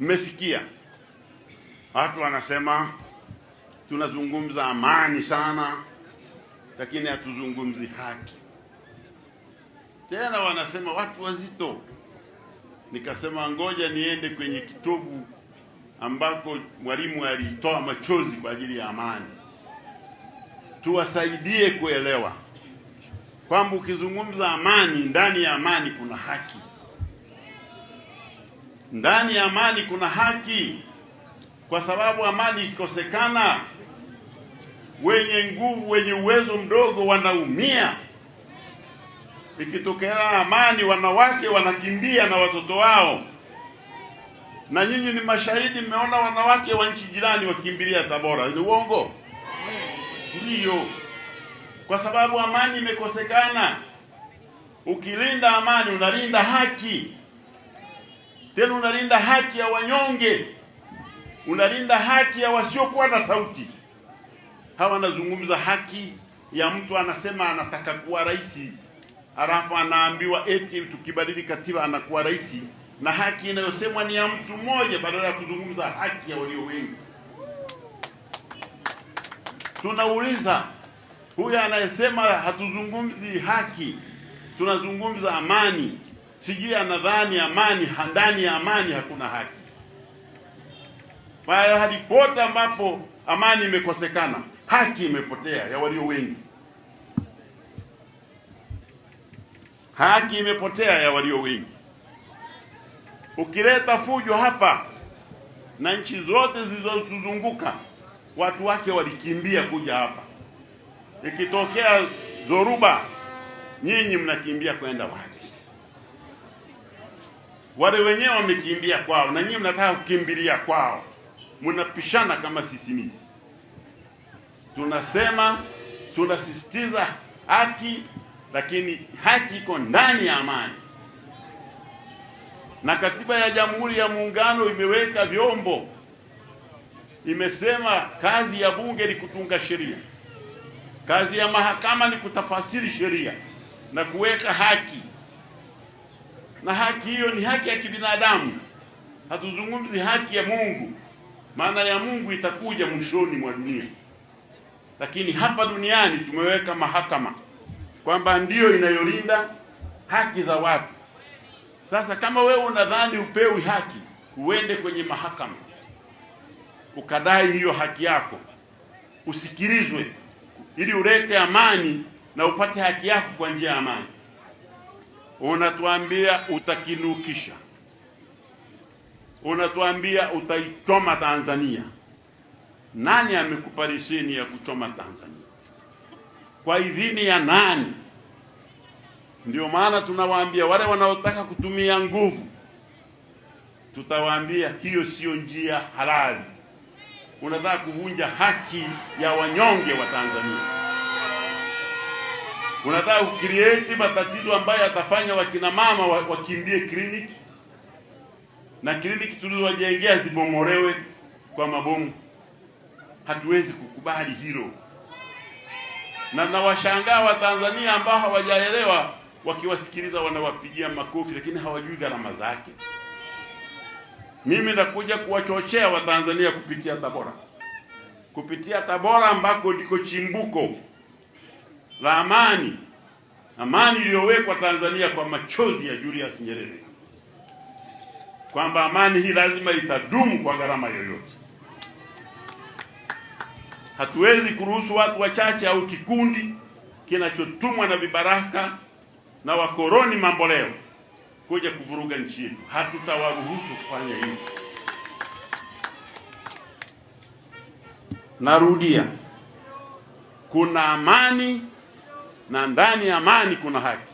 Mmesikia watu wanasema tunazungumza amani sana, lakini hatuzungumzi haki. Tena wanasema watu wazito. Nikasema ngoja niende kwenye kitabu ambako Mwalimu alitoa machozi kwa ajili ya amani, tuwasaidie kuelewa kwamba ukizungumza amani, ndani ya amani kuna haki. Ndani ya amani kuna haki, kwa sababu amani ikikosekana, wenye nguvu, wenye uwezo mdogo wanaumia. Ikitokea amani, wanawake wanakimbia na watoto wao, na nyinyi ni mashahidi, mmeona wanawake wa nchi jirani wakimbilia Tabora. Ni uongo? Ndiyo, kwa sababu amani imekosekana. Ukilinda amani, unalinda haki tena unalinda haki ya wanyonge, unalinda haki ya wasiokuwa na sauti. Hawa anazungumza haki ya mtu, anasema anataka kuwa rais, alafu anaambiwa eti tukibadili katiba anakuwa rais, na haki inayosemwa ni ya mtu mmoja, badala ya kuzungumza haki ya walio wengi. Tunauliza, huyu anayesema hatuzungumzi haki, tunazungumza amani sijui anadhani amani, ndani ya amani hakuna haki. Mahali pote ambapo amani imekosekana, haki imepotea ya walio wengi, haki imepotea ya walio wengi. Ukileta fujo hapa na nchi zote zilizotuzunguka watu wake walikimbia kuja hapa. Ikitokea zoruba, nyinyi mnakimbia kwenda wapi? wale wenyewe wamekimbia kwao na nyinyi mnataka kukimbilia kwao, mnapishana kama sisimizi. Tunasema tunasisitiza haki, lakini haki iko ndani ya amani, na katiba ya Jamhuri ya Muungano imeweka vyombo, imesema kazi ya bunge ni kutunga sheria, kazi ya mahakama ni kutafasiri sheria na kuweka haki na haki hiyo ni haki ya kibinadamu, hatuzungumzi haki ya Mungu, maana ya Mungu itakuja mwishoni mwa dunia. Lakini hapa duniani tumeweka mahakama kwamba ndiyo inayolinda haki za watu. Sasa kama wewe unadhani upewi haki, uende kwenye mahakama ukadai hiyo haki yako, usikilizwe, ili ulete amani na upate haki yako kwa njia ya amani unatuambia utakinukisha, unatuambia utaichoma Tanzania. Nani amekupa leseni ya kuchoma Tanzania? Kwa idhini ya nani? Ndio maana tunawaambia wale wanaotaka kutumia nguvu, tutawaambia hiyo sio njia halali. Unataka kuvunja haki ya wanyonge wa Tanzania. Unataka kucreate matatizo ambayo atafanya wakina mama wakimbie kliniki na kliniki tulizowajengea zibomolewe kwa mabomu. Hatuwezi kukubali hilo, na nawashangaa Watanzania ambao hawajaelewa, wakiwasikiliza wanawapigia makofi, lakini hawajui gharama zake. Mimi nakuja kuwachochea Watanzania kupitia Tabora, kupitia Tabora ambako ndiko chimbuko la amani, amani iliyowekwa Tanzania kwa machozi ya Julius Nyerere, kwamba amani hii lazima itadumu kwa gharama yoyote. Hatuwezi kuruhusu watu wachache au kikundi kinachotumwa na vibaraka na wakoloni mamboleo kuja kuvuruga nchi yetu. Hatutawaruhusu kufanya hivyo. Narudia, kuna amani na ndani ya amani kuna haki.